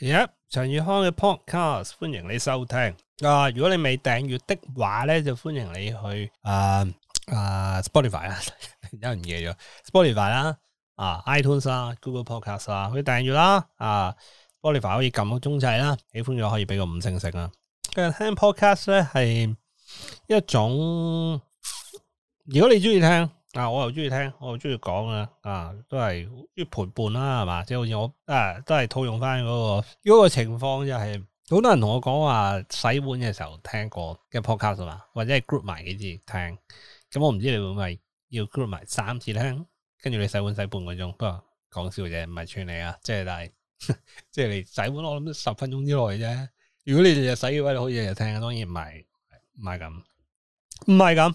而家陳宇康嘅 podcast，歡迎你收聽啊！如果你未訂閱的話咧，就歡迎你去啊啊、呃呃、Spotify 啦， 有人嘢咗 Spotify 啦、啊啊，啊 iTunes 啦，Google Podcast 啦，去訂閱啦啊 Spotify 可以撳個鐘掣啦，喜歡咗可以畀個五星星啦。跟住聽 podcast 咧係一種，如果你鍾意聽。啊！我又中意聽，我又中意講啊！啊，都係要陪伴啦，係嘛？即係好似我誒、啊，都係套用翻，那、嗰個，嗰個情況就係、是、好多人同我講話、啊、洗碗嘅時候聽過嘅 podcast 嘛，或者係 group 埋幾次聽，嗯嗯、會會 group 次聽。咁我唔知你會唔會要 group 埋三次聽，跟住你洗碗洗半個鐘。不過講笑啫，唔係串你啊，即、就、係、是、但係即係你洗碗，我諗都十分鐘之內啫。如果你日日洗嘅話，你好日日聽，當然唔係唔係咁，唔係咁。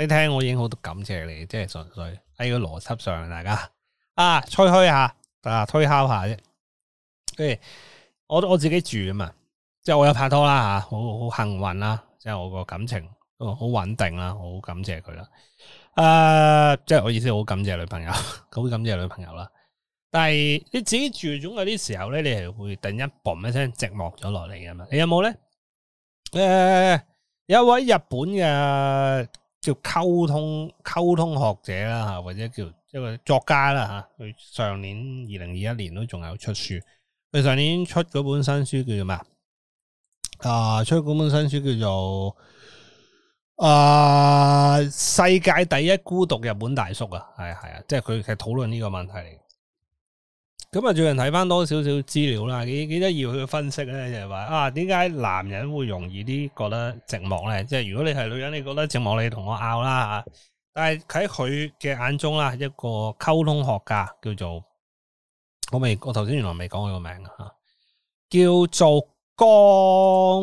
你聽我已經好多感謝你，即係純粹喺個邏輯上，大家啊吹噓下，啊推敲下啫。跟、哎、住我我自己住啊嘛，即係我有拍拖啦吓，好好幸運啦，即係我個感情好穩定啦，我好感謝佢啦。誒、啊，即係我意思，好感謝女朋友，好感謝女朋友啦。但係你自己住，總有啲時候咧，你係會突然一嘣一聲寂寞咗落嚟噶嘛？你有冇咧？誒、呃，有位日本嘅。叫溝通溝通學者啦吓，或者叫一個作家啦吓。佢、啊、上年二零二一年都仲有出書，佢上年出嗰本新書叫做咩啊？啊，出嗰本新書叫做誒、啊《世界第一孤獨日本大叔》啊，係啊係啊，即係佢係討論呢個問題嚟。咁、就是、啊，最近睇翻多少少資料啦，幾幾得意佢嘅分析咧，就係話啊，點解男人會容易啲覺得寂寞咧？即、就、係、是、如果你係女人，你覺得寂寞，你同我拗啦吓。但係喺佢嘅眼中啦，一個溝通學家叫做我未，我頭先原來未講佢個名啊，叫做江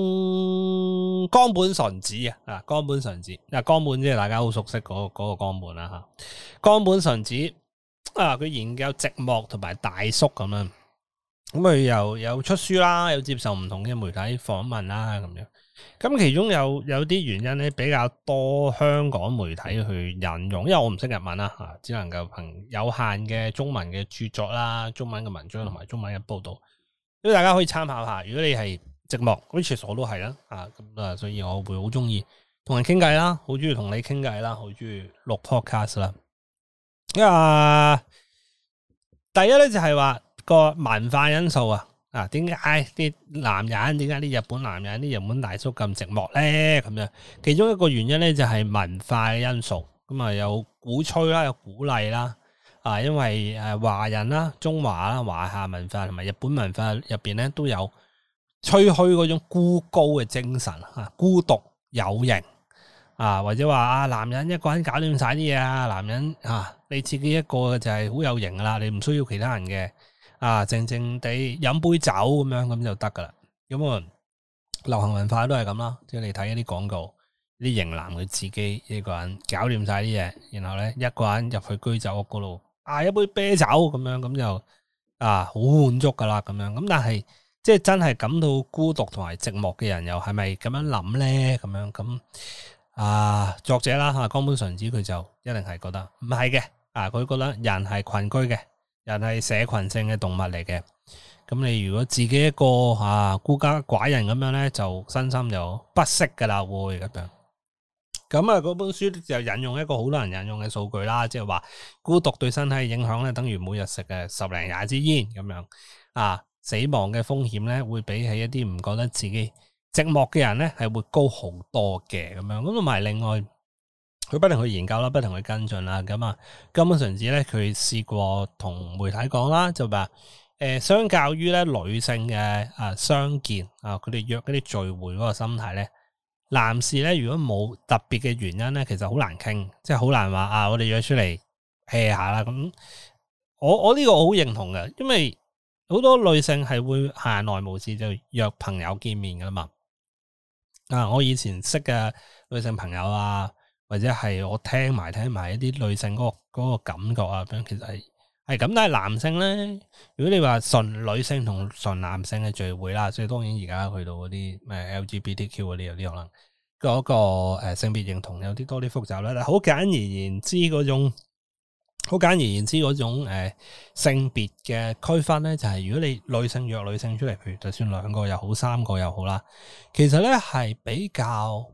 江本純子啊，江本純子，嗱、啊、江本即係、啊、大家好熟悉嗰、嗰個、嗰個江本啦吓，江、啊、本純子。啊！佢研究寂寞同埋大叔咁啊，咁啊又有出書啦，又接受唔同嘅媒體訪問啦，咁樣。咁其中有有啲原因咧，比較多香港媒體去引用，因為我唔識日文啦吓、啊，只能夠憑有限嘅中文嘅著作啦、中文嘅文章同埋中文嘅報道，因為大家可以參考下。如果你係寂寞，好似我都係啦吓，咁啊，所以我會好中意同人傾偈啦，好中意同你傾偈啦，好中意錄 podcast 啦、啊。因、呃、第一咧就係話個文化因素啊，啊，點解啲男人，點解啲日本男人，啲日本大叔咁寂寞咧？咁樣，其中一個原因咧就係文化嘅因素，咁啊有鼓吹啦，有鼓勵啦，啊因為誒華、啊、人啦、中華啦、華夏文化同埋日本文化入邊咧都有吹噓嗰種孤高嘅精神吓、啊，孤獨有型。啊，或者話啊，男人一個人搞掂晒啲嘢啊，男人啊，你自己一個就係好有型噶啦，你唔需要其他人嘅啊，靜靜地飲杯酒咁樣咁就得噶啦。咁、嗯、啊，流行文化都係咁啦，即係你睇一啲廣告，啲型男佢自己一個人搞掂晒啲嘢，然後咧一個人入去居酒屋嗰度，嗌、啊、一杯啤酒咁樣咁就啊，好滿足噶啦咁樣。咁但係即係真係感到孤獨同埋寂寞嘅人又是是，又係咪咁樣諗咧？咁樣咁。啊，作者啦吓，江本純子佢就一定係覺得唔係嘅，啊佢覺得人係群居嘅，人係社群性嘅動物嚟嘅。咁你如果自己一個啊孤家寡人咁樣咧，就身心就不適噶啦，會咁樣。咁啊，嗰本書就引用一個好多人引用嘅數據啦，即係話孤獨對身體嘅影響咧，等於每日食嘅十零廿支煙咁樣。啊，死亡嘅風險咧，會比起一啲唔覺得自己，寂寞嘅人咧，係會高好多嘅咁樣，咁同埋另外佢不停去研究啦，不停去跟進啦，咁啊，根本上嚟咧，佢試過同媒體講啦，就話、是、誒、呃，相較於咧女性嘅啊相見啊，佢哋約嗰啲聚會嗰個心態咧，男士咧，如果冇特別嘅原因咧，其實好難傾，即係好難話啊，我哋約出嚟 hea 下啦。咁我我呢個我好認同嘅，因為好多女性係會閒來無事就約朋友見面噶啦嘛。啊！我以前識嘅女性朋友啊，或者係我聽埋聽埋一啲女性嗰個嗰個感覺啊，咁其實係係咁，但係男性咧，如果你話純女性同純男性嘅聚會啦，所以當然而家去到嗰啲咩 LGBTQ 嗰啲有啲可能，嗰個誒性別認同有啲多啲複雜啦，好簡而言之嗰種。好簡而言之，嗰種誒、呃、性別嘅區分咧，就係、是、如果你女性約女性出嚟，譬如就算兩個又好，三個又好啦，其實咧係比較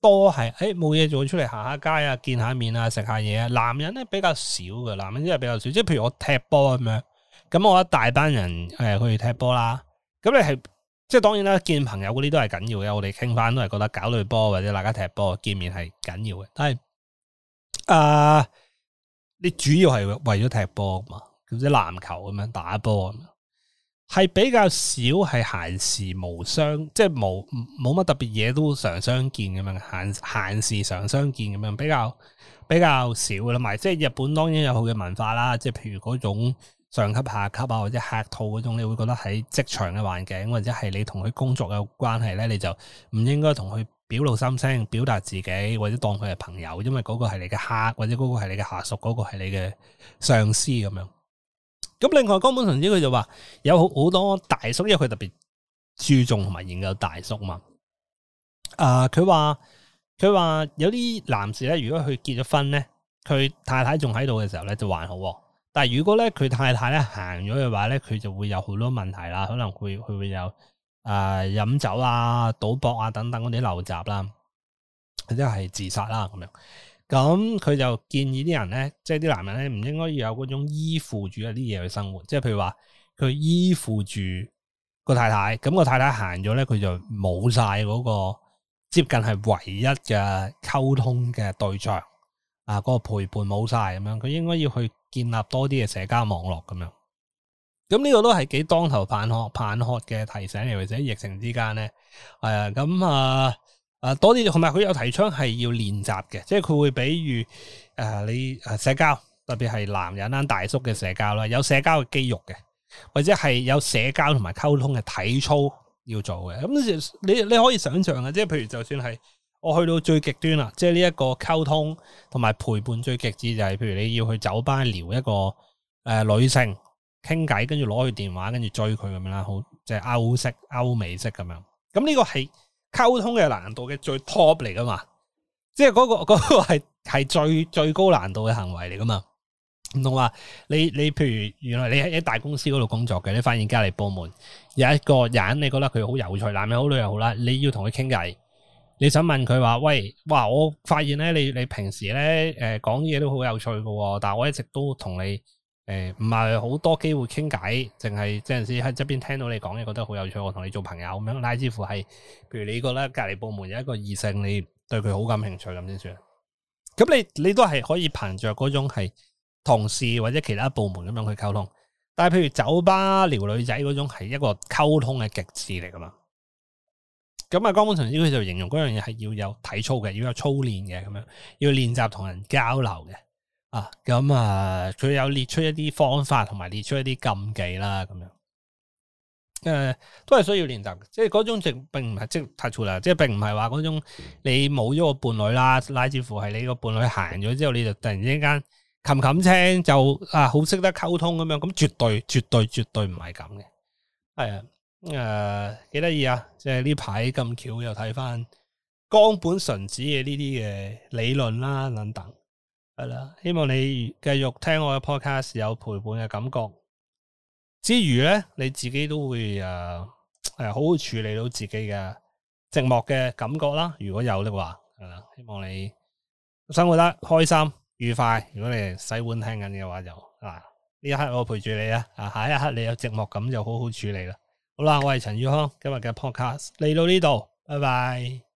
多係，誒冇嘢做出嚟行下街啊，見下面啊，食下嘢啊。男人咧比較少嘅，男人因為比較少。即係譬如我踢波咁樣，咁我一大班人誒去、呃、踢波啦。咁你係即係當然啦，見朋友嗰啲都係緊要嘅。我哋傾翻都係覺得搞隊波或者大家踢波見面係緊要嘅。但係啊。呃你主要係為咗踢波嘛，咁即籃球咁樣打波，係比較少係閒時無相，即係冇冇乜特別嘢，都常相見咁樣，閒閒時常相見咁樣，比較比較少啦。咪即係日本當然有佢嘅文化啦，即係譬如嗰種上級下級啊，或者客套嗰種，你會覺得喺職場嘅環境，或者係你同佢工作嘅關係咧，你就唔應該同佢。表露心聲，表達自己，或者當佢係朋友，因為嗰個係你嘅客，或者嗰個係你嘅下屬，嗰、那個係你嘅上司咁樣。咁另外岡本純子佢就話有好好多大叔，因為佢特別注重同埋研究大叔嘛。啊、呃，佢話佢話有啲男士咧，如果佢結咗婚咧，佢太太仲喺度嘅時候咧就還好，啊，但係如果咧佢太太咧行咗嘅話咧，佢就會有好多問題啦，可能會佢會有。誒，飲酒啊、賭博啊等等嗰啲陋習啦，即係自殺啦咁樣。咁佢就建議啲人咧，即係啲男人咧，唔應該要有嗰種依附住一啲嘢去生活。即係譬如話，佢依附住個太太，咁個太太行咗咧，佢就冇晒嗰個接近係唯一嘅溝通嘅對象，啊，嗰個陪伴冇晒咁樣。佢應該要去建立多啲嘅社交網絡咁樣。咁呢個都係幾當頭棒喝、棒喝嘅提醒嚟，或者疫情之間咧，係啊，咁啊，啊多啲，同埋佢有提倡係要練習嘅，即係佢會比喻誒、啊、你誒社交，特別係男人啦、大叔嘅社交啦，有社交嘅肌肉嘅，或者係有社交同埋溝通嘅體操要做嘅。咁你你可以想象啊，即係譬如就算係我去到最極端啦，即係呢一個溝通同埋陪伴最極致就係、是，譬如你要去酒吧聊一個誒、呃、女性。傾偈，跟住攞佢電話，跟住追佢咁樣啦，好即係歐式、歐美式咁樣。咁呢個係溝通嘅難度嘅最 top 嚟噶嘛？即係嗰個嗰個係係最最高難度嘅行為嚟噶嘛？唔同話你你，你譬如原來你喺大公司嗰度工作嘅，你發現隔籬部門有一個人，你覺得佢好有趣，男人好女又好啦，你要同佢傾偈，你想問佢話喂，哇！我發現咧，你你平時咧，誒講嘢都好有趣噶，但係我一直都同你。誒，唔係好多機會傾偈，淨係即係嗰陣時喺一邊聽到你講嘢，覺得好有趣，我同你做朋友咁樣，乃至乎係，譬如你覺得隔籬部門有一個異性，你對佢好感興趣咁先算。咁你你都係可以憑着嗰種係同事或者其他部門咁樣去溝通，但係譬如酒吧撩女仔嗰種係一個溝通嘅極致嚟噶嘛。咁啊，江本純子佢就形容嗰樣嘢係要有體操嘅，要有操練嘅，咁樣要練習同人交流嘅。啊，咁、嗯、啊，佢有列出一啲方法，同埋列出一啲禁忌啦，咁樣，誒、呃，都係需要練習嘅。即係嗰種直並唔係即係太粗略，即係並唔係話嗰種你冇咗個伴侶啦，乃至乎係你個伴侶行咗之後，你就突然之間冚冚聲就啊，好識得溝通咁樣，咁絕對絕對絕對唔係咁嘅。係啊，誒、哎，幾得意啊！即係呢排咁巧又睇翻岡本純子嘅呢啲嘅理論啦，等等。係啦，希望你繼續聽我嘅 podcast，有陪伴嘅感覺之餘咧，你自己都會誒誒、呃呃，好好處理到自己嘅寂寞嘅感覺啦。如果有嘅話，係啦，希望你生活得開心愉快。如果你係洗碗聽緊嘅話就，就啊呢一刻我陪住你啊，啊下一刻你有寂寞感就好好處理啦。好啦，我係陳宇康，今日嘅 podcast 嚟到呢度，拜拜。